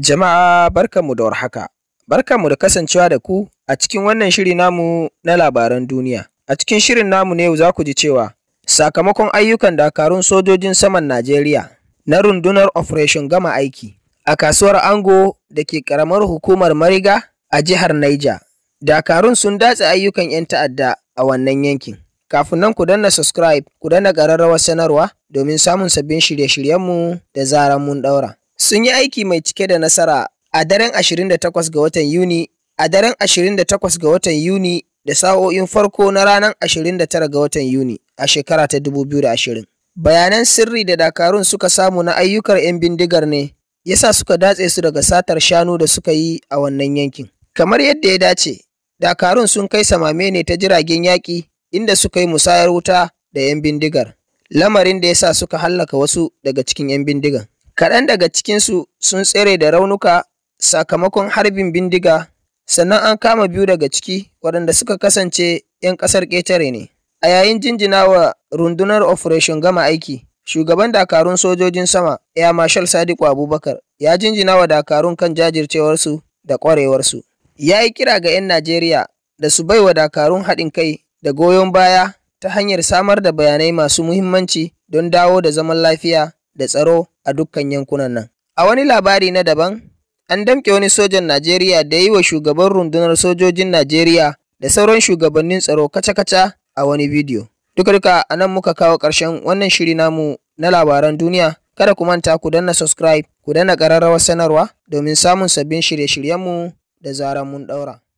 Jama'a barkanmu da warhaka, barkanmu da kasancewa da ku a cikin wannan shiri namu na labaran duniya. A cikin shirin namu ne za ku ji cewa sakamakon ayyukan dakarun sojojin saman Najeriya na rundunar Operation Gama Aiki a kasuwar Ango da ke karamar hukumar Mariga a jihar Niger. Dakarun sun datse ayyukan 'yan ta'adda a wannan yankin. Kafin nan ku danna subscribe, ku danna ƙararrawar sanarwa domin samun sabbin shirye-shiryenmu da zaran mun ɗaura. sun yi aiki mai cike da nasara a daren 28 ga watan Yuni a daren 28 ga watan Yuni da sa'o'in farko na ranar 29 ga watan Yuni a shekara ta 2020. Bayanan sirri da dakarun suka samu na ayyukar 'yan bindigar ne ya sa suka datse su daga satar shanu da suka yi a wannan yankin. Kamar yadda ya dace, dakarun sun kai samame ne ta jiragen yaƙi inda suka yi musayar wuta da 'yan bindigar, lamarin da ya sa suka hallaka wasu daga cikin 'yan bindigar. Kaɗan daga cikinsu sun tsere da raunuka sakamakon harbin bindiga, sannan an kama biyu daga ciki waɗanda suka kasance ‘yan ƙasar ƙetare ne. A yayin jinjina wa rundunar Operation Gama Aiki, shugaban dakarun sojojin sama, Ya Marshal Sadiku Abubakar, ya jinjina wa dakarun kan jajircewarsu da ƙwarewarsu. Ya yi kira ga 'yan Najeriya da su bai wa dakarun haɗin kai da goyon baya ta hanyar samar da bayanai masu muhimmanci don dawo da zaman lafiya da tsaro a dukkan yankunan nan. A wani labari na daban, an damke wani sojan Najeriya da ya yi wa shugaban rundunar sojojin Najeriya da sauran shugabannin tsaro kaca-kaca a wani bidiyo. Duka-duka a nan muka kawo ƙarshen wannan shiri namu na labaran duniya. Kada ku manta ku danna subscribe, ku danna ƙararrawar sanarwa domin samun sabbin shirye-shiryenmu da zaran mun ɗaura.